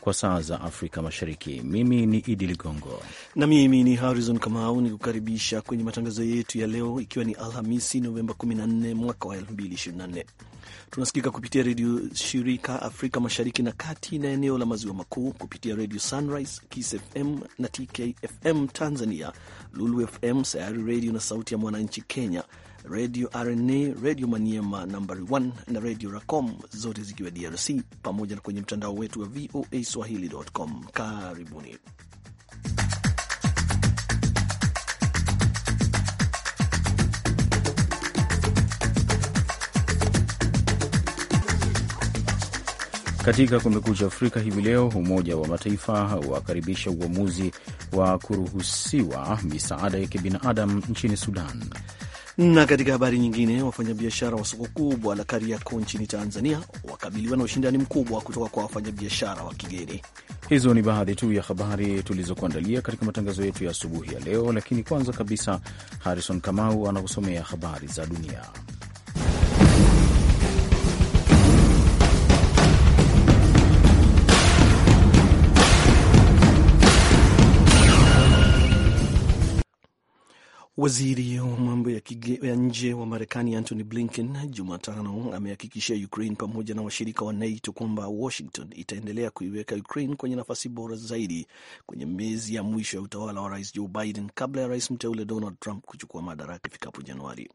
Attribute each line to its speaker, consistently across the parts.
Speaker 1: kwa
Speaker 2: saa za Afrika Mashariki. Mimi ni Idi Ligongo
Speaker 1: na mimi ni Harrison Kamau, ni kukaribisha kwenye matangazo yetu ya leo, ikiwa ni Alhamisi Novemba 14 mwaka wa 2024. Tunasikika kupitia redio shirika Afrika Mashariki na Kati na eneo la maziwa makuu kupitia redio Sunrise, Kiss FM na TKFM Tanzania, Lulu FM, Sayari redio na Sauti ya Mwananchi Kenya, Radio RNA, Radio Maniema nambari 1 na Radio Racom, zote zikiwa DRC, pamoja na kwenye mtandao wetu wa VOA Swahili.com. Karibuni.
Speaker 2: Katika Kumekucha Afrika hivi leo, Umoja wa Mataifa wakaribisha uamuzi wa kuruhusiwa misaada ya kibinadamu nchini Sudan.
Speaker 1: Na katika habari nyingine, wafanyabiashara wa soko kubwa la Kariakoo nchini Tanzania wakabiliwa na ushindani mkubwa kutoka kwa wafanyabiashara wa kigeni.
Speaker 2: Hizo ni baadhi tu ya habari tulizokuandalia katika matangazo yetu ya asubuhi ya leo, lakini kwanza kabisa, Harrison Kamau anakusomea habari za dunia.
Speaker 1: Waziri wa mambo ya, ya nje wa Marekani Antony Blinken Jumatano amehakikishia Ukraine pamoja na washirika wa NATO kwamba Washington itaendelea kuiweka Ukraine kwenye nafasi bora zaidi kwenye miezi ya mwisho ya utawala wa Rais Joe Biden kabla ya rais mteule Donald Trump kuchukua madaraka ifikapo Januari.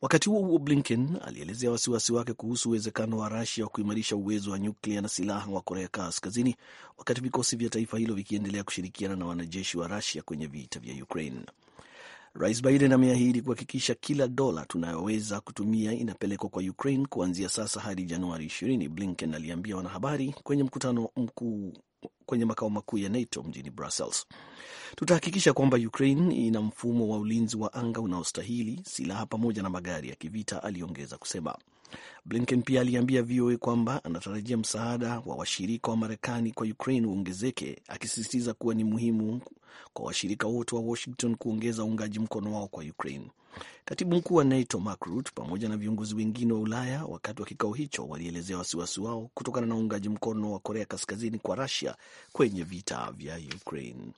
Speaker 1: Wakati huo huo, Blinken alielezea wasiwasi wake kuhusu uwezekano wa Rasia wa kuimarisha uwezo wa nyuklia na silaha wa Korea Kaskazini, wakati vikosi vya taifa hilo vikiendelea kushirikiana na wanajeshi wa Rasia kwenye vita vya Ukraine. Rais Biden ameahidi kuhakikisha kila dola tunayoweza kutumia inapelekwa kwa Ukraine kuanzia sasa hadi Januari 20, Blinken aliambia wanahabari kwenye mkutano mkuu kwenye makao makuu ya NATO mjini Brussels. Tutahakikisha kwamba Ukraine ina mfumo wa ulinzi wa anga unaostahili, silaha pamoja na magari ya kivita, aliongeza kusema. Blinken pia aliambia VOA kwamba anatarajia msaada wa washirika wa Marekani kwa Ukraine uongezeke, akisisitiza kuwa ni muhimu kwa washirika wote wa Washington kuongeza uungaji mkono wao kwa Ukraine. Katibu mkuu wa NATO Mark Rutte pamoja na viongozi wengine wa Ulaya wakati wa kikao hicho walielezea wasiwasi wao kutokana na uungaji mkono wa Korea Kaskazini kwa Russia kwenye vita vya Ukraine.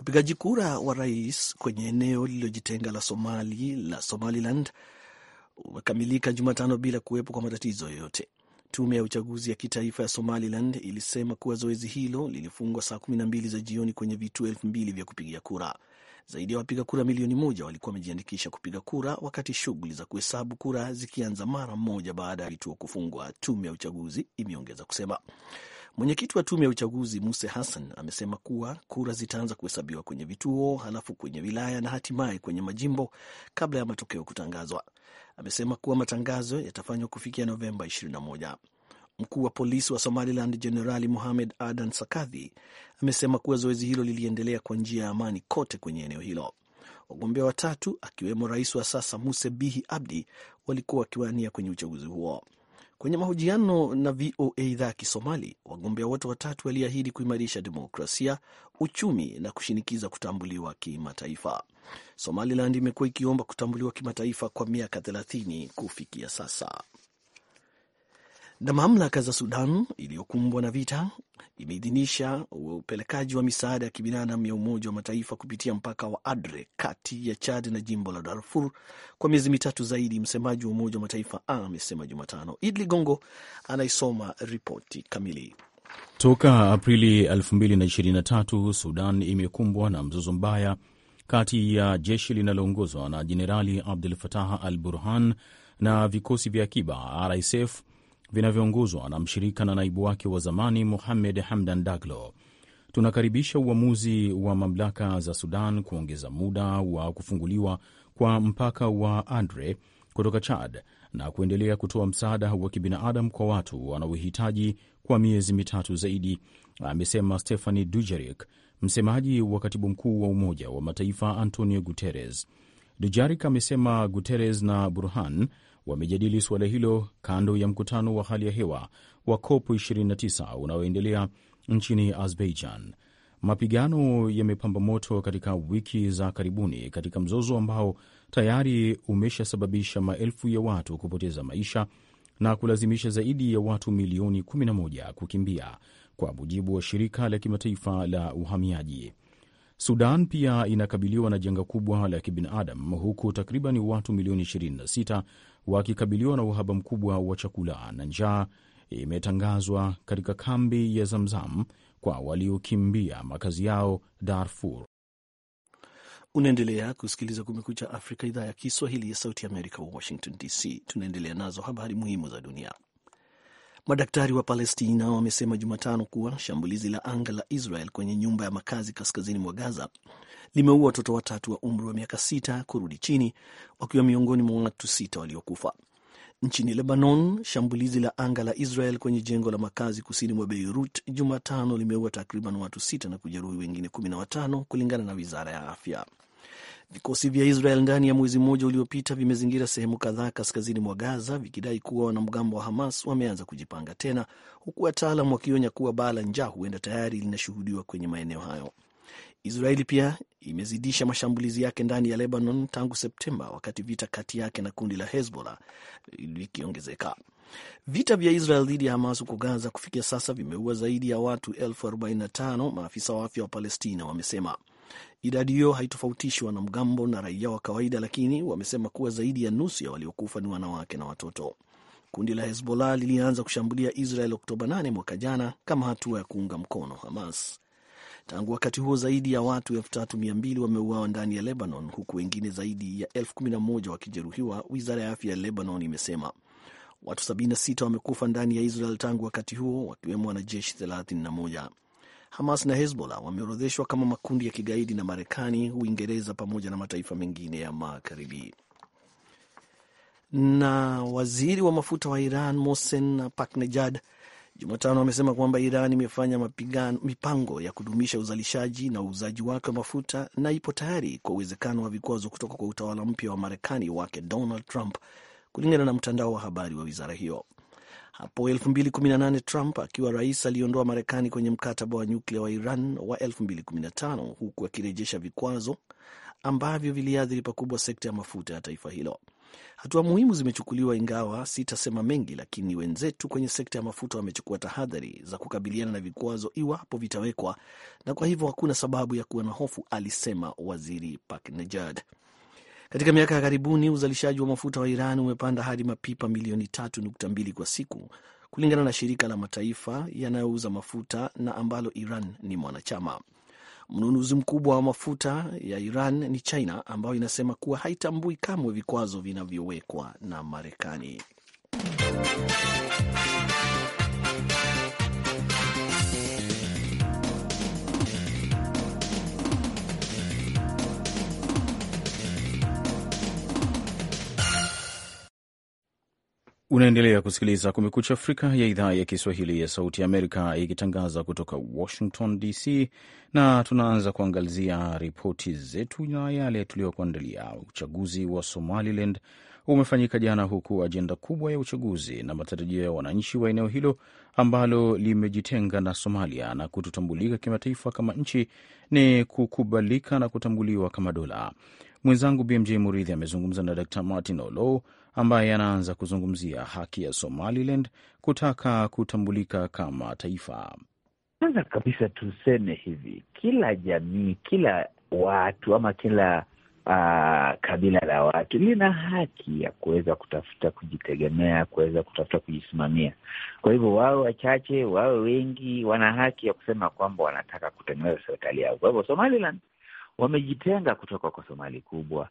Speaker 1: Upigaji kura wa rais kwenye eneo lililojitenga la Somali la Somaliland umekamilika Jumatano bila kuwepo kwa matatizo yoyote. Tume ya uchaguzi ya kitaifa ya Somaliland ilisema kuwa zoezi hilo lilifungwa saa kumi na mbili za jioni kwenye vituo elfu mbili vya kupigia kura. Zaidi ya wapiga kura milioni moja walikuwa wamejiandikisha kupiga kura, wakati shughuli za kuhesabu kura zikianza mara moja baada ya vituo kufungwa, tume ya uchaguzi imeongeza kusema. Mwenyekiti wa tume ya uchaguzi Muse Hassan amesema kuwa kura zitaanza kuhesabiwa kwenye vituo, halafu kwenye wilaya na hatimaye kwenye majimbo kabla ya matokeo kutangazwa amesema kuwa matangazo yatafanywa kufikia Novemba 21. Mkuu wa polisi wa Somaliland Jenerali Mohamed Adan Sakadhi amesema kuwa zoezi hilo liliendelea kwa njia ya amani kote kwenye eneo hilo. Wagombea watatu akiwemo rais wa sasa Muse Bihi Abdi walikuwa wakiwania kwenye uchaguzi huo. Kwenye mahojiano na VOA idhaa ya Kisomali, wagombea wote watatu waliahidi kuimarisha demokrasia, uchumi na kushinikiza kutambuliwa kimataifa. Somaliland imekuwa ikiomba kutambuliwa kimataifa kwa miaka 30 kufikia sasa na mamlaka za Sudan iliyokumbwa na vita imeidhinisha upelekaji wa misaada ya kibinadamu ya Umoja wa Mataifa kupitia mpaka wa Adre kati ya Chad na jimbo la Darfur kwa miezi mitatu zaidi, msemaji wa Umoja wa Mataifa amesema Jumatano. Idli Gongo anaisoma ripoti kamili.
Speaker 2: Toka Aprili 2023 Sudan imekumbwa na mzozo mbaya kati ya jeshi linaloongozwa na Jenerali Abdul Fatah al Burhan na vikosi vya akiba RSF vinavyoongozwa na mshirika na naibu wake wa zamani Muhamed Hamdan Daglo. Tunakaribisha uamuzi wa mamlaka za Sudan kuongeza muda wa kufunguliwa kwa mpaka wa Andre kutoka Chad na kuendelea kutoa msaada wa kibinadamu kwa watu wanaohitaji kwa miezi mitatu zaidi, amesema stephani dujarik msemaji wa katibu mkuu wa Umoja wa Mataifa Antonio Guterres. dujarik amesema Guterres na Burhan wamejadili suala hilo kando ya mkutano wa hali ya hewa wa COP29 unaoendelea nchini Azerbaijan. Mapigano yamepamba moto katika wiki za karibuni katika mzozo ambao tayari umeshasababisha maelfu ya watu kupoteza maisha na kulazimisha zaidi ya watu milioni 11 kukimbia kwa mujibu wa shirika la kimataifa la uhamiaji. Sudan pia inakabiliwa na janga kubwa la kibinadamu huku takriban watu milioni 26 wakikabiliwa na uhaba mkubwa wa chakula na njaa imetangazwa katika kambi ya Zamzam kwa waliokimbia makazi yao
Speaker 3: Darfur.
Speaker 1: Unaendelea kusikiliza Kumekucha Afrika, idhaa ya Kiswahili ya Sauti ya Amerika, Washington DC. Tunaendelea nazo habari muhimu za dunia. Madaktari wa Palestina wamesema Jumatano kuwa shambulizi la anga la Israel kwenye nyumba ya makazi kaskazini mwa Gaza limeua watoto watatu wa umri wa miaka sita kurudi chini, wakiwa miongoni mwa watu sita waliokufa. Nchini Lebanon, shambulizi la anga la Israel kwenye jengo la makazi kusini mwa Beirut Jumatano limeua takriban watu sita na kujeruhi wengine kumi na watano kulingana na wizara ya afya. Vikosi vya Israel ndani ya mwezi mmoja uliopita vimezingira sehemu kadhaa kaskazini mwa Gaza vikidai kuwa wanamgambo wa Hamas wameanza kujipanga tena, huku wataalam wakionya kuwa baa la njaa huenda tayari linashuhudiwa kwenye maeneo hayo. Israeli pia imezidisha mashambulizi yake ndani ya Lebanon tangu Septemba, wakati vita kati yake na kundi la Hezbollah vikiongezeka. Vita vya Israel dhidi ya Hamas huko Gaza kufikia sasa vimeua zaidi ya watu elfu 45, maafisa wa afya wa Palestina wamesema. Idadi hiyo haitofautishi wanamgambo na raia wa kawaida, lakini wamesema kuwa zaidi ya nusu ya waliokufa ni wanawake na watoto. Kundi la Hezbollah lilianza kushambulia Israel Oktoba 8 mwaka jana kama hatua ya kuunga mkono Hamas. Tangu wakati huo zaidi ya watu 3200 wameuawa ndani ya Lebanon, huku wengine zaidi ya 11 wakijeruhiwa, wizara ya afya ya Lebanon imesema. Watu 76 wamekufa ndani ya Israel tangu wakati huo, wakiwemo wanajeshi 31. Hamas na Hezbollah wameorodheshwa kama makundi ya kigaidi na Marekani, Uingereza pamoja na mataifa mengine ya Magharibi. Na waziri wa mafuta wa Iran Mohsen Paknejad Jumatano amesema kwamba Iran imefanya mipango ya kudumisha uzalishaji na uuzaji wake wa mafuta na ipo tayari kwa uwezekano wa vikwazo kutoka kwa utawala mpya wa Marekani wake Donald Trump, kulingana na mtandao wa habari wa wizara hiyo. Hapo 2018 Trump akiwa rais aliondoa Marekani kwenye mkataba wa nyuklia wa Iran wa 2015 huku akirejesha vikwazo ambavyo viliathiri pakubwa sekta ya mafuta ya taifa hilo. Hatua muhimu zimechukuliwa, ingawa sitasema mengi, lakini wenzetu kwenye sekta ya mafuta wamechukua tahadhari za kukabiliana na vikwazo iwapo vitawekwa, na kwa hivyo hakuna sababu ya kuwa na hofu, alisema waziri Paknejad. Katika miaka ya karibuni uzalishaji wa mafuta wa Iran umepanda hadi mapipa milioni 3.2 kwa siku, kulingana na shirika la mataifa yanayouza mafuta na ambalo Iran ni mwanachama. Mnunuzi mkubwa wa mafuta ya Iran ni China, ambayo inasema kuwa haitambui kamwe vikwazo vinavyowekwa na Marekani.
Speaker 2: Unaendelea kusikiliza Kumekucha Afrika ya idhaa ya Kiswahili ya Sauti Amerika ikitangaza kutoka Washington DC, na tunaanza kuangazia ripoti zetu na yale tuliyokuandalia. Uchaguzi wa Somaliland umefanyika jana, huku ajenda kubwa ya uchaguzi na matarajio ya wananchi wa eneo hilo ambalo limejitenga na Somalia na kutotambulika kimataifa kama nchi ni kukubalika na kutambuliwa kama dola. Mwenzangu BMJ Muridhi amezungumza na Dr Martin Olo ambaye anaanza kuzungumzia haki ya Somaliland kutaka kutambulika
Speaker 4: kama taifa. Kwanza kabisa tuseme hivi, kila jamii, kila watu ama kila uh, kabila la watu lina haki ya kuweza kutafuta kujitegemea, kuweza kutafuta kujisimamia. Kwa hivyo wawe wachache, wawe wengi, wana haki ya kusema kwamba wanataka kutengeneza serikali yao. Kwa hivyo Somaliland wamejitenga kutoka kwa Somali kubwa,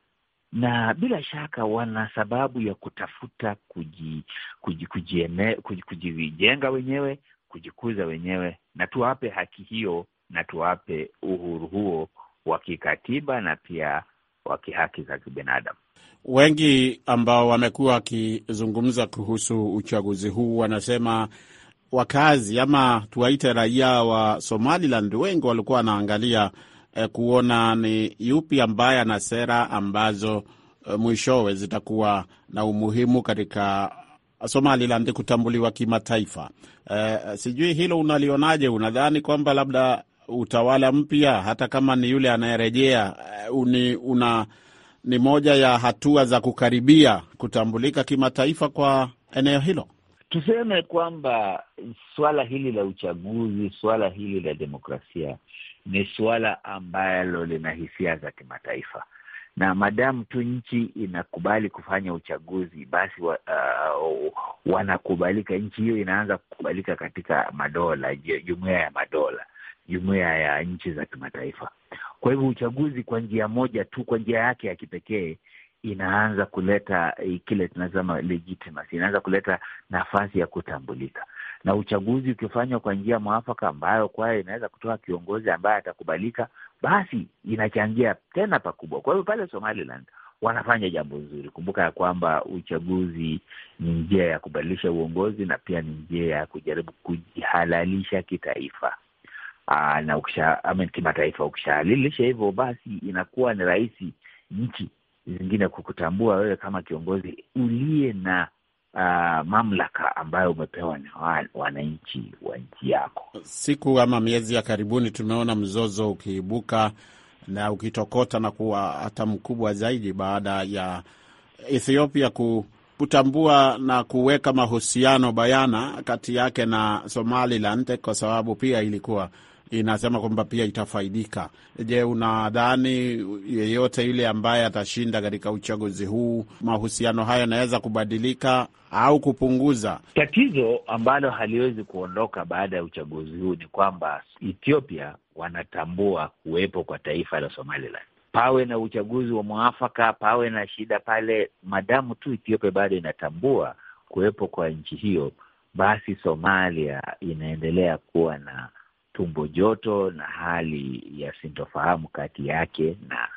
Speaker 4: na bila shaka wana sababu ya kutafuta kuji, kuji, kujiene, kuji, kujijenga wenyewe, kujikuza wenyewe, na tuwape haki hiyo na tuwape uhuru huo wa kikatiba na pia wa kihaki za kibinadamu.
Speaker 3: Wengi ambao wamekuwa wakizungumza kuhusu uchaguzi huu wanasema wakazi ama tuwaite raia wa Somaliland wengi walikuwa wanaangalia Eh, kuona ni yupi ambaye ana sera ambazo eh, mwishowe zitakuwa na umuhimu katika Somaliland kutambuliwa kimataifa. E, sijui hilo unalionaje? Unadhani kwamba labda utawala mpya hata kama ni yule anayerejea ni una ni moja ya hatua za kukaribia kutambulika kimataifa kwa eneo hilo. Tuseme kwamba
Speaker 4: swala hili la uchaguzi, swala hili la demokrasia ni suala ambalo lina hisia za kimataifa, na madamu tu nchi inakubali kufanya uchaguzi basi wa, uh, wanakubalika, nchi hiyo inaanza kukubalika katika madola, jumuiya ya madola, jumuiya ya nchi za kimataifa. Kwa hivyo uchaguzi kwa njia moja tu, kwa njia yake ya kipekee inaanza kuleta eh, kile tunasema legitimacy, inaanza kuleta nafasi ya kutambulika na uchaguzi ukifanywa kwa njia mwafaka ambayo kwayo inaweza kutoa kiongozi ambaye atakubalika, basi inachangia tena pakubwa. Kwa hiyo pale Somaliland wanafanya jambo nzuri. Kumbuka ya kwamba uchaguzi ni njia ya kubadilisha uongozi na pia ni njia ya kujaribu kujihalalisha kitaifa aa, na ukisha kimataifa. Ukishahalilisha hivyo, basi inakuwa ni rahisi nchi zingine kukutambua wewe kama kiongozi uliye na uh, mamlaka ambayo umepewa na wananchi wa
Speaker 3: nchi yako. Siku ama miezi ya karibuni tumeona mzozo ukiibuka na ukitokota na kuwa hata mkubwa zaidi baada ya Ethiopia ku kutambua na kuweka mahusiano bayana kati yake na Somaliland kwa sababu pia ilikuwa inasema kwamba pia itafaidika. Je, unadhani yeyote yule ambaye atashinda katika uchaguzi huu, mahusiano hayo yanaweza kubadilika au kupunguza? Tatizo ambalo haliwezi
Speaker 4: kuondoka baada ya uchaguzi huu ni kwamba Ethiopia wanatambua kuwepo kwa taifa la Somaliland. Pawe na uchaguzi wa mwafaka, pawe na shida pale, madamu tu Ethiopia bado inatambua kuwepo kwa nchi hiyo, basi Somalia inaendelea kuwa na tumbo joto na hali ya sintofahamu kati yake na,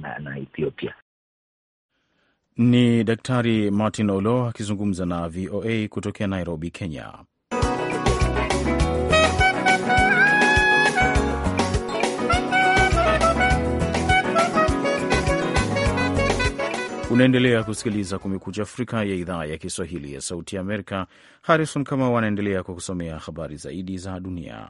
Speaker 4: na, na Ethiopia. Ni
Speaker 2: Daktari Martin Olo akizungumza na VOA kutokea Nairobi, Kenya. Unaendelea kusikiliza Kumekucha Afrika ya idhaa ya Kiswahili ya Sauti ya Amerika. Harrison Kamau anaendelea kwa kusomea habari zaidi za dunia.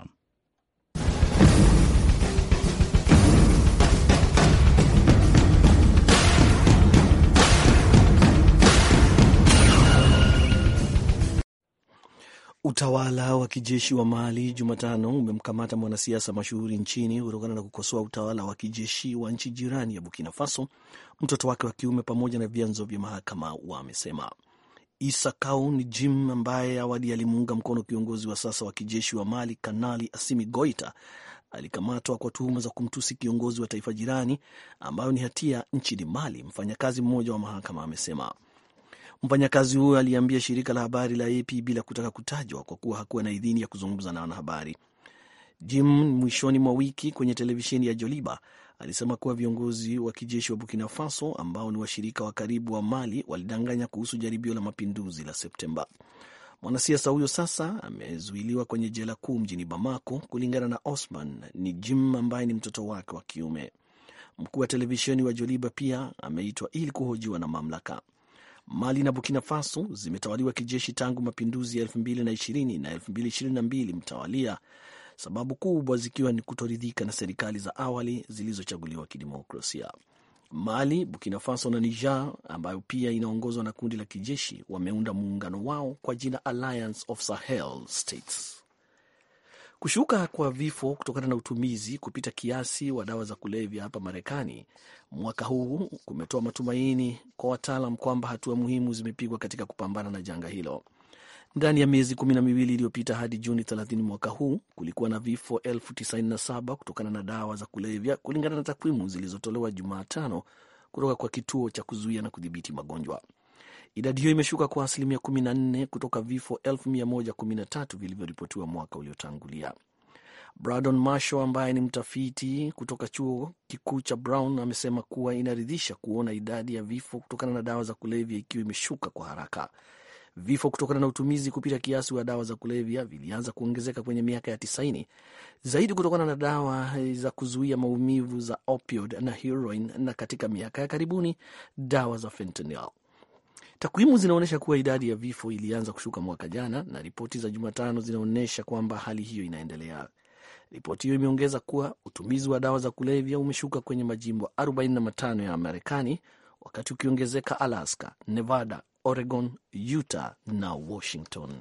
Speaker 1: Utawala wa kijeshi wa Mali Jumatano umemkamata mwanasiasa mashuhuri nchini kutokana na kukosoa utawala wa kijeshi wa nchi jirani ya Burkina Faso, mtoto wake wa kiume, pamoja na vyanzo vya mahakama wamesema. Isa Kau ni Jim ambaye awali alimuunga mkono kiongozi wa sasa wa kijeshi wa Mali Kanali Asimi Goita alikamatwa kwa tuhuma za kumtusi kiongozi wa taifa jirani, ambayo ni hatia nchini Mali, mfanyakazi mmoja wa mahakama amesema. Mfanyakazi huyo aliambia shirika la habari la AP bila kutaka kutajwa kwa kuwa hakuwa na idhini ya kuzungumza na wanahabari. Jim mwishoni mwa wiki kwenye televisheni ya Joliba alisema kuwa viongozi wa kijeshi wa Burkina Faso ambao ni washirika wa karibu wa Mali walidanganya kuhusu jaribio la mapinduzi la Septemba. Mwanasiasa huyo sasa amezuiliwa kwenye jela kuu mjini Bamako. Kulingana na Osman, ni Jim ambaye ni mtoto wake wa kiume. Mkuu wa televisheni wa Joliba pia ameitwa ili kuhojiwa na mamlaka. Mali na Burkina Faso zimetawaliwa kijeshi tangu mapinduzi ya 2020 na 2022 mtawalia, sababu kubwa zikiwa ni kutoridhika na serikali za awali zilizochaguliwa kidemokrasia. Mali, Burkina Faso na Niger, ambayo pia inaongozwa na kundi la kijeshi, wameunda muungano wao kwa jina Alliance of Sahel States. Kushuka kwa vifo kutokana na utumizi kupita kiasi wa dawa za kulevya hapa Marekani mwaka huu kumetoa matumaini kwa wataalam kwamba hatua muhimu zimepigwa katika kupambana na janga hilo. Ndani ya miezi kumi na miwili iliyopita hadi Juni 30 mwaka huu kulikuwa na vifo elfu tisini na saba kutokana na dawa za kulevya kulingana na takwimu zilizotolewa Jumatano kutoka kwa kituo cha kuzuia na kudhibiti magonjwa. Idadi hiyo imeshuka kwa asilimia 14 kutoka vifo 113 vilivyoripotiwa mwaka uliotangulia. Braddon Masho ambaye ni mtafiti kutoka chuo kikuu cha Brown amesema kuwa inaridhisha kuona idadi ya vifo kutokana na dawa za kulevya ikiwa imeshuka kwa haraka. Vifo kutokana na utumizi kupita kiasi wa dawa za kulevya vilianza kuongezeka kwenye miaka ya tisaini, zaidi kutokana na dawa za kuzuia maumivu za opioid na heroin, na katika miaka ya karibuni dawa za fentanyl. Takwimu zinaonyesha kuwa idadi ya vifo ilianza kushuka mwaka jana na ripoti za Jumatano zinaonyesha kwamba hali hiyo inaendelea. Ripoti hiyo imeongeza kuwa utumizi wa dawa za kulevya umeshuka kwenye majimbo 45 ya Marekani, wakati ukiongezeka Alaska, Nevada, Oregon, Utah na Washington.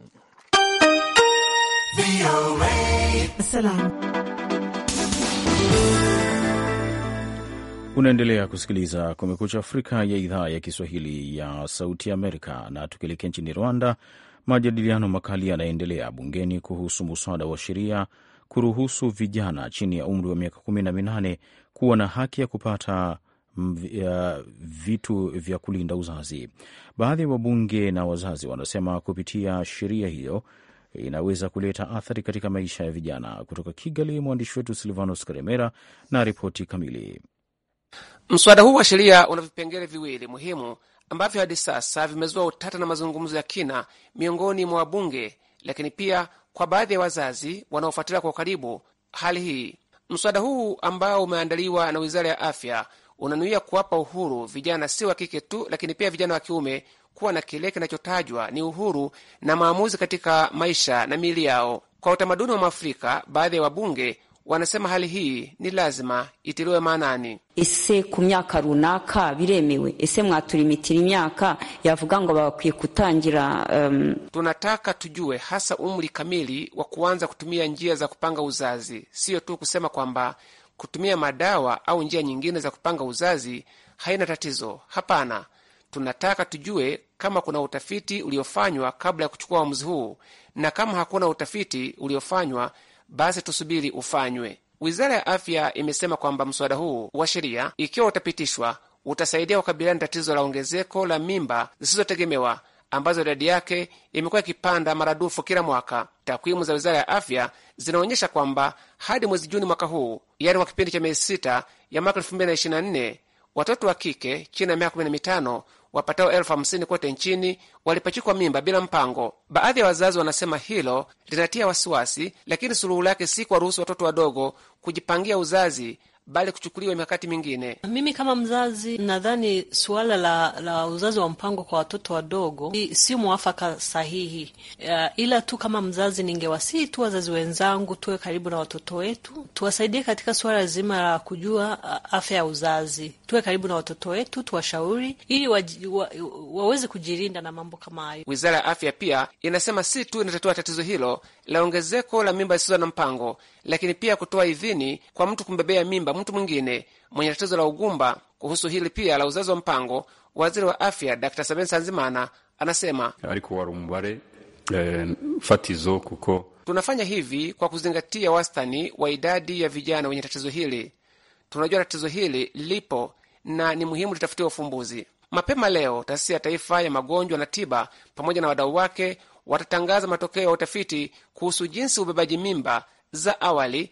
Speaker 2: Unaendelea kusikiliza Kumekucha Afrika ya idhaa ya Kiswahili ya Sauti Amerika. Na tukielekea nchini Rwanda, majadiliano makali yanaendelea bungeni kuhusu muswada wa sheria kuruhusu vijana chini ya umri wa miaka kumi na minane kuwa na haki ya kupata mm, vitu vya kulinda uzazi. Baadhi ya wabunge na wazazi wanasema kupitia sheria hiyo inaweza kuleta athari katika maisha ya vijana. Kutoka Kigali, mwandishi wetu Silvanos Karemera na ripoti
Speaker 5: kamili. Mswada huu wa sheria una vipengele viwili muhimu ambavyo hadi sasa vimezua utata na mazungumzo ya kina miongoni mwa wabunge, lakini pia kwa baadhi ya wazazi wanaofuatilia kwa ukaribu hali hii. Mswada huu ambao umeandaliwa na wizara ya afya unanuia kuwapa uhuru vijana si wa kike tu, lakini pia vijana wa kiume kuwa na kile kinachotajwa ni uhuru na maamuzi katika maisha na miili yao. Kwa utamaduni wa mwafrika baadhi ya wabunge wanasema hali hii ni lazima itiliwe maanani.
Speaker 6: ese ku myaka runaka biremewe ese mwaturimitira imyaka yavuga ngo bakwiye kutangira um...
Speaker 5: tunataka tujue hasa umri kamili wa kuanza kutumia njia za kupanga uzazi, siyo tu kusema kwamba kutumia madawa au njia nyingine za kupanga uzazi haina tatizo. Hapana, tunataka tujue kama kuna utafiti uliofanywa kabla ya kuchukua uamuzi huu, na kama hakuna utafiti uliofanywa basi tusubiri ufanywe. Wizara ya afya imesema kwamba mswada huu wa sheria, ikiwa utapitishwa, utasaidia kukabiliana tatizo la ongezeko la mimba zisizotegemewa ambazo idadi yake imekuwa ikipanda maradufu kila mwaka. Takwimu za wizara ya afya zinaonyesha kwamba hadi mwezi Juni mwaka huu, yani kwa kipindi cha miezi sita ya mwaka 224 watoto wa kike chini ya miaka 15 wapatao elfu hamsini kote nchini walipachikwa mimba bila mpango. Baadhi ya wazazi wanasema hilo linatia wasiwasi, lakini suluhu lake si kuwaruhusu watoto wadogo kujipangia uzazi bali kuchukuliwa mikakati mingine.
Speaker 7: Mimi kama mzazi nadhani suala la, la uzazi wa mpango kwa watoto wadogo si mwafaka sahihi. Uh, ila tu kama mzazi ningewasihi tu wazazi wenzangu tuwe karibu na watoto wetu, tuwasaidie katika suala zima la kujua uh, afya ya uzazi. Tuwe karibu na watoto wetu, tuwashauri ili wa, wa, waweze kujilinda na mambo kama hayo.
Speaker 5: Wizara ya Afya pia inasema si tu inatatua tatizo hilo la ongezeko la mimba zisizo na mpango, lakini pia kutoa idhini kwa mtu kumbebea mimba mtu mwingine mwenye tatizo la ugumba. Kuhusu hili pia la uzazi wa mpango, waziri wa afya Dr Sabin Sanzimana anasema
Speaker 3: eh, fatizo kuko
Speaker 5: tunafanya hivi kwa kuzingatia wastani wa idadi ya vijana wenye tatizo hili. Tunajua tatizo hili lipo na ni muhimu litafutiwa ufumbuzi. Mapema leo taasisi ya taifa ya magonjwa na tiba pamoja na wadau wake watatangaza matokeo ya utafiti kuhusu jinsi ubebaji mimba za awali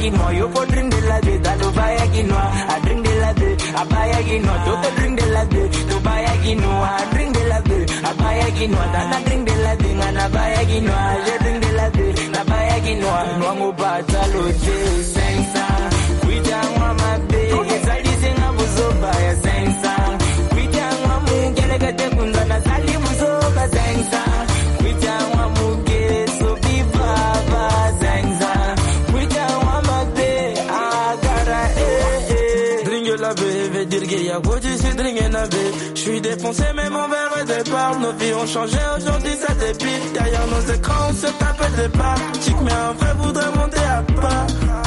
Speaker 6: quinoa. Yo for drink de la de, talo buy a I drink de la de, I buy a drink de la de, to buy a I drink de la de, I buy a drink de la de, ngana buy a drink de la de, na buy a quinoa. Nwangu batalo de sensa. Kuita mama be, zali singa sensa. na sensa. Je du défoncé, mais mon verre est départ. Nos vies ont changé, aujourd'hui ça dépit. Derrière nos écrans, on se tape des parties. Mais un vrai voudrait monter à part.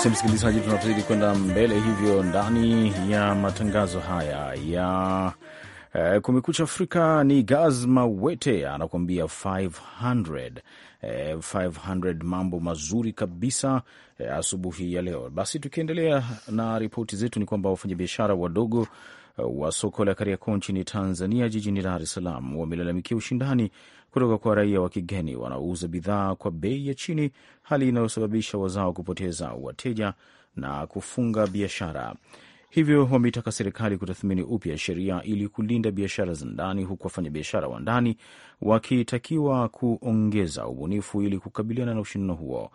Speaker 2: Basi msikilizaji, tunazidi kwenda mbele hivyo ndani ya matangazo haya ya eh, Kumekucha Afrika. Ni Gaz Mawete anakuambia 500 eh, 500 mambo mazuri kabisa eh, asubuhi ya leo. Basi tukiendelea na ripoti zetu, ni kwamba wafanyabiashara wadogo eh, wa soko la Kariakoo nchini Tanzania, jijini Dar es Salaam, wamelalamikia ushindani kutoka kwa raia wa kigeni wanaouza bidhaa kwa bei ya chini hali inayosababisha wazao kupoteza wateja na kufunga biashara. Hivyo wameitaka serikali kutathmini upya sheria ili kulinda biashara za ndani, huku wafanyabiashara wa ndani wakitakiwa kuongeza ubunifu ili kukabiliana na ushindano huo.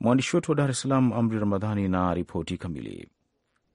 Speaker 2: Mwandishi wetu wa Dar es Salaam, Amri Ramadhani, na ripoti kamili.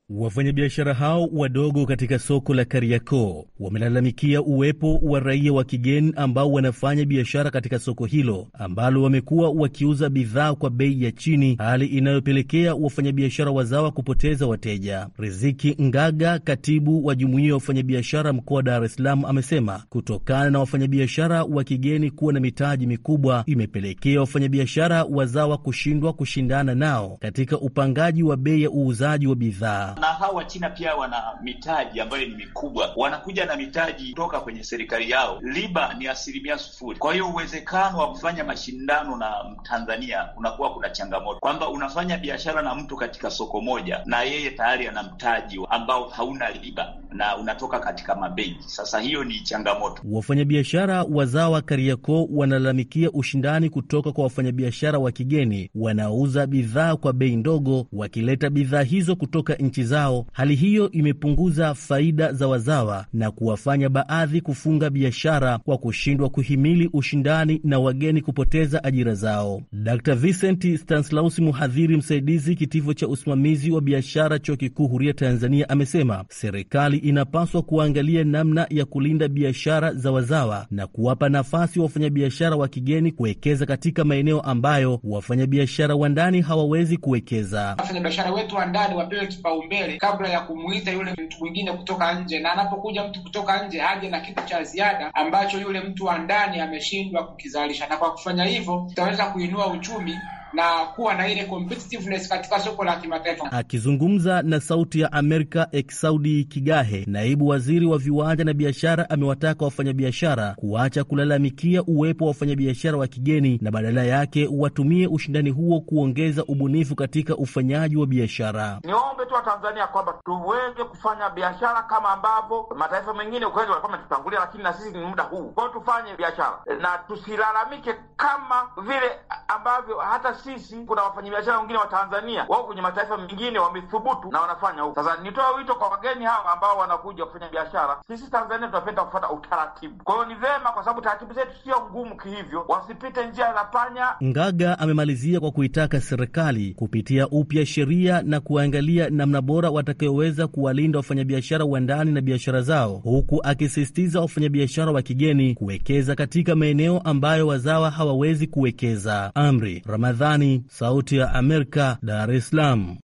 Speaker 7: Wafanyabiashara hao wadogo katika soko la Kariakoo wamelalamikia uwepo wa raia wa kigeni ambao wanafanya biashara katika soko hilo ambalo wamekuwa wakiuza bidhaa kwa bei ya chini, hali inayopelekea wafanyabiashara wazawa kupoteza wateja. Riziki Ngaga, katibu wa jumuiya ya wafanyabiashara mkoa wa Dar es Salaam, amesema kutokana na wafanyabiashara wa kigeni kuwa na mitaji mikubwa imepelekea wafanyabiashara wazawa kushindwa kushindana nao katika upangaji wa bei ya uuzaji wa bidhaa
Speaker 4: na hawa China pia wana mitaji ambayo ni mikubwa, wanakuja na mitaji kutoka kwenye serikali yao. Riba ni asilimia sufuri. Kwa hiyo uwezekano wa kufanya mashindano na Mtanzania unakuwa kuna changamoto kwamba unafanya biashara na mtu katika soko moja, na yeye tayari ana mtaji ambao hauna riba na unatoka katika mabenki. Sasa hiyo ni changamoto.
Speaker 7: Wafanyabiashara wazawa Kariakoo wanalalamikia ushindani kutoka kwa wafanyabiashara wa kigeni wanaouza bidhaa kwa bei ndogo, wakileta bidhaa hizo kutoka nchi zao, hali hiyo imepunguza faida za wazawa na kuwafanya baadhi kufunga biashara kwa kushindwa kuhimili ushindani na wageni kupoteza ajira zao. Dr. Vincent Stanslaus, mhadhiri msaidizi kitivo cha usimamizi wa biashara Chuo Kikuu Huria Tanzania, amesema serikali inapaswa kuangalia namna ya kulinda biashara za wazawa na kuwapa nafasi wafanyabiashara wa kigeni kuwekeza katika maeneo ambayo wafanyabiashara wa ndani hawawezi kuwekeza.
Speaker 5: Wafanyabiashara wetu wa ndani wapewe kipaumbele mbele kabla ya kumuita yule mtu mwingine kutoka nje, na anapokuja mtu kutoka nje aje na kitu cha ziada ambacho yule mtu wa ndani ameshindwa kukizalisha, na kwa kufanya hivyo tutaweza kuinua uchumi na kuwa na ile competitiveness katika soko la kimataifa.
Speaker 7: Akizungumza na Sauti ya Amerika, Eksaudi Kigahe, naibu waziri wa viwanja na biashara, amewataka wafanyabiashara kuacha kulalamikia uwepo wa wafanyabiashara wa kigeni na badala yake watumie ushindani huo kuongeza ubunifu katika ufanyaji wa biashara.
Speaker 4: Niombe tu Watanzania kwamba tuweze kufanya biashara kama ambavyo mataifa mengine ukweli walikuwa wametutangulia, lakini na sisi ni muda huu kwao tufanye biashara na tusilalamike kama vile ambavyo hata sisi, kuna wafanyabiashara wengine wa Tanzania wao kwenye mataifa mengine wamethubutu na wanafanya huko. Sasa nitoe wito kwa wageni hawa ambao wanakuja kufanya biashara, sisi Tanzania tunapenda kufuata utaratibu. Kwa hiyo ni vema, kwa sababu taratibu zetu sio ngumu kihivyo,
Speaker 6: wasipite njia za panya.
Speaker 7: Ngaga amemalizia kwa kuitaka serikali kupitia upya sheria na kuangalia namna bora watakayoweza kuwalinda wafanyabiashara wa ndani na biashara zao, huku akisisitiza wafanyabiashara wa kigeni kuwekeza katika maeneo ambayo wazawa hawawezi kuwekeza. Amri Ramadhani Ramadhani, Sauti ya Amerika, Dar es Salaam.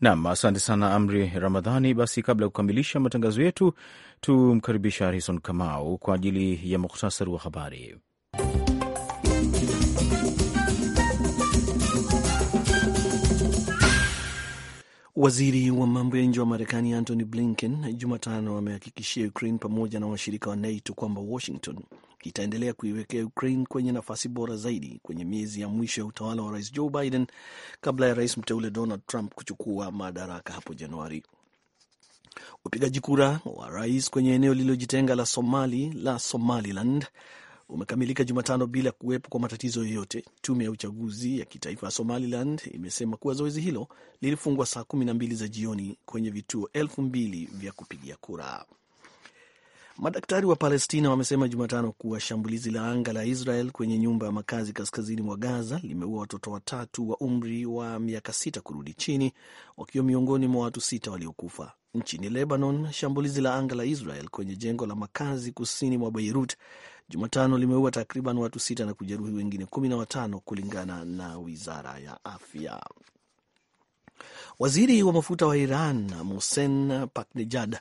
Speaker 2: Nam, asante sana Amri Ramadhani. Basi kabla ya kukamilisha matangazo yetu, tumkaribisha Harison Kamau kwa ajili ya muhtasari wa habari.
Speaker 1: Waziri wa mambo ya nje wa Marekani Antony Blinken Jumatano amehakikishia Ukraine pamoja na washirika wa NATO kwamba Washington itaendelea kuiwekea Ukraine kwenye nafasi bora zaidi kwenye miezi ya mwisho ya utawala wa Rais Joe Biden kabla ya rais mteule Donald Trump kuchukua madaraka hapo Januari. Upigaji kura wa rais kwenye eneo lililojitenga la Somali la Somaliland umekamilika Jumatano bila kuwepo kwa matatizo yoyote. Tume ya uchaguzi ya kitaifa ya Somaliland imesema kuwa zoezi hilo lilifungwa saa kumi na mbili za jioni kwenye vituo elfu mbili vya kupigia kura. Madaktari wa Palestina wamesema Jumatano kuwa shambulizi la anga la Israel kwenye nyumba ya makazi kaskazini mwa Gaza limeua watoto watatu wa umri wa miaka sita kurudi chini, wakiwa miongoni mwa watu sita waliokufa. Nchini Lebanon, shambulizi la anga la Israel kwenye jengo la makazi kusini mwa Beirut Jumatano limeua takriban watu sita na kujeruhi wengine kumi na watano kulingana na wizara ya afya. Waziri wa mafuta wa Iran Mohsen Paknejad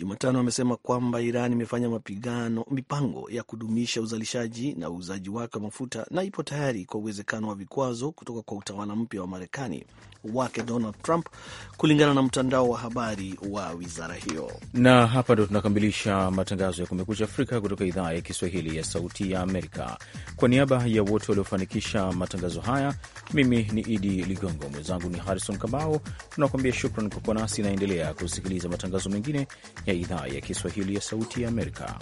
Speaker 1: Jumatano amesema kwamba Iran imefanya mapigano mipango ya kudumisha uzalishaji na uuzaji wake wa mafuta na ipo tayari kwa uwezekano wa vikwazo kutoka kwa utawala mpya wa Marekani wake Donald Trump, kulingana na mtandao wa habari wa wizara hiyo.
Speaker 2: Na hapa ndo tunakamilisha matangazo ya Kumekucha Afrika kutoka idhaa ya Kiswahili ya Sauti ya Amerika. Kwa niaba ya wote waliofanikisha matangazo haya, mimi ni Idi Ligongo, mwenzangu ni Harrison Kabao. Tunakuambia shukran kwa kuwa nasi, naendelea kusikiliza matangazo mengine ya idhaa ya Kiswahili ya Sauti ya Amerika.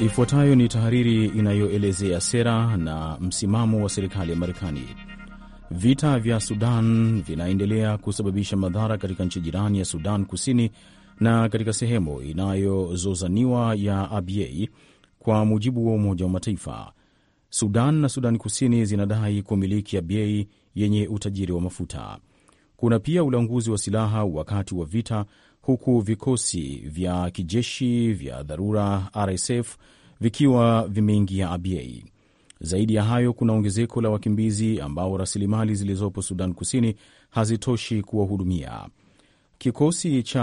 Speaker 2: Ifuatayo ni tahariri inayoelezea sera na msimamo wa serikali ya Marekani. Vita vya Sudan vinaendelea kusababisha madhara katika nchi jirani ya Sudan Kusini na katika sehemu inayozozaniwa ya Abyei. Kwa mujibu wa Umoja wa Mataifa, Sudan na Sudan Kusini zinadai kumiliki Abyei yenye utajiri wa mafuta. Kuna pia ulanguzi wa silaha wakati wa vita huku vikosi vya kijeshi vya dharura RSF vikiwa vimeingia Abyei. Zaidi ya hayo, kuna ongezeko la wakimbizi ambao rasilimali zilizopo Sudan Kusini hazitoshi kuwahudumia. Kikosi cha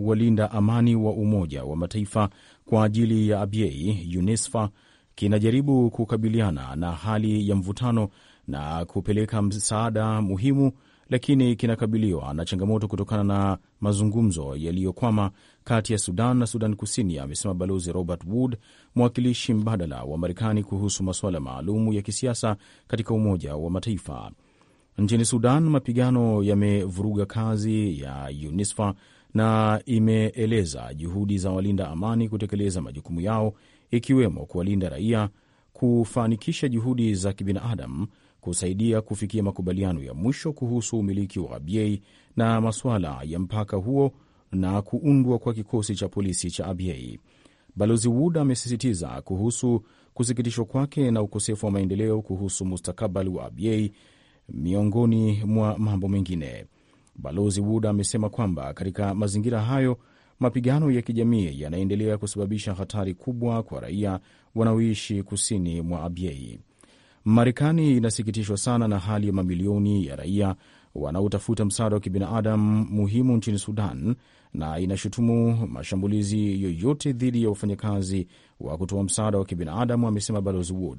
Speaker 2: walinda amani wa Umoja wa Mataifa kwa ajili ya Abyei, UNISFA, kinajaribu kukabiliana na hali ya mvutano na kupeleka msaada muhimu lakini kinakabiliwa na changamoto kutokana na mazungumzo yaliyokwama kati ya Sudan na Sudan Kusini, amesema Balozi Robert Wood, mwakilishi mbadala wa Marekani kuhusu masuala maalum ya kisiasa katika Umoja wa Mataifa. Nchini Sudan, mapigano yamevuruga kazi ya UNISFA na imeeleza juhudi za walinda amani kutekeleza majukumu yao ikiwemo kuwalinda raia, kufanikisha juhudi za kibinadamu kusaidia kufikia makubaliano ya mwisho kuhusu umiliki wa Abyei na masuala ya mpaka huo na kuundwa kwa kikosi cha polisi cha Abyei. Balozi Wood amesisitiza kuhusu kusikitishwa kwake na ukosefu wa maendeleo kuhusu mustakabali wa Abyei miongoni mwa mambo mengine. Balozi Wood amesema kwamba katika mazingira hayo mapigano ya kijamii yanaendelea kusababisha hatari kubwa kwa raia wanaoishi kusini mwa Abyei. Marekani inasikitishwa sana na hali ya mamilioni ya raia wanaotafuta msaada wa kibinadamu muhimu nchini Sudan na inashutumu mashambulizi yoyote dhidi ya wafanyakazi wa kutoa msaada wa kibinadamu, amesema Balozi Wood.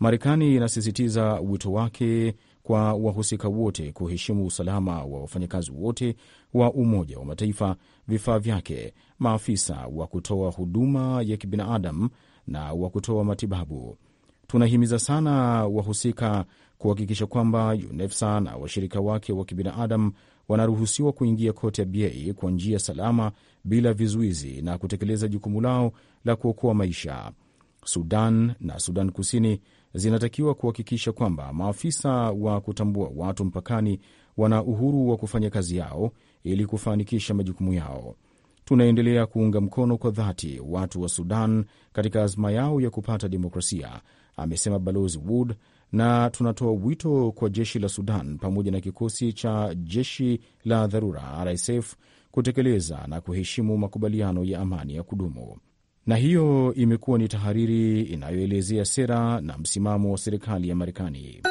Speaker 2: Marekani inasisitiza wito wake kwa wahusika wote kuheshimu usalama wa wafanyakazi wote wa Umoja wa Mataifa, vifaa vyake, maafisa wa kutoa huduma ya kibinadamu na wa kutoa matibabu tunahimiza sana wahusika kuhakikisha kwamba UNEFSA na washirika wake wa kibinadamu wanaruhusiwa kuingia kote ba kwa njia salama bila vizuizi na kutekeleza jukumu lao la kuokoa maisha. Sudan na Sudan Kusini zinatakiwa kuhakikisha kwamba maafisa wa kutambua watu mpakani wana uhuru wa kufanya kazi yao ili kufanikisha majukumu yao. Tunaendelea kuunga mkono kwa dhati watu wa Sudan katika azma yao ya kupata demokrasia, amesema Balozi Wood, na tunatoa wito kwa jeshi la Sudan pamoja na kikosi cha jeshi la dharura RSF kutekeleza na kuheshimu makubaliano ya amani ya kudumu. Na hiyo imekuwa ni tahariri inayoelezea sera na msimamo wa serikali ya Marekani.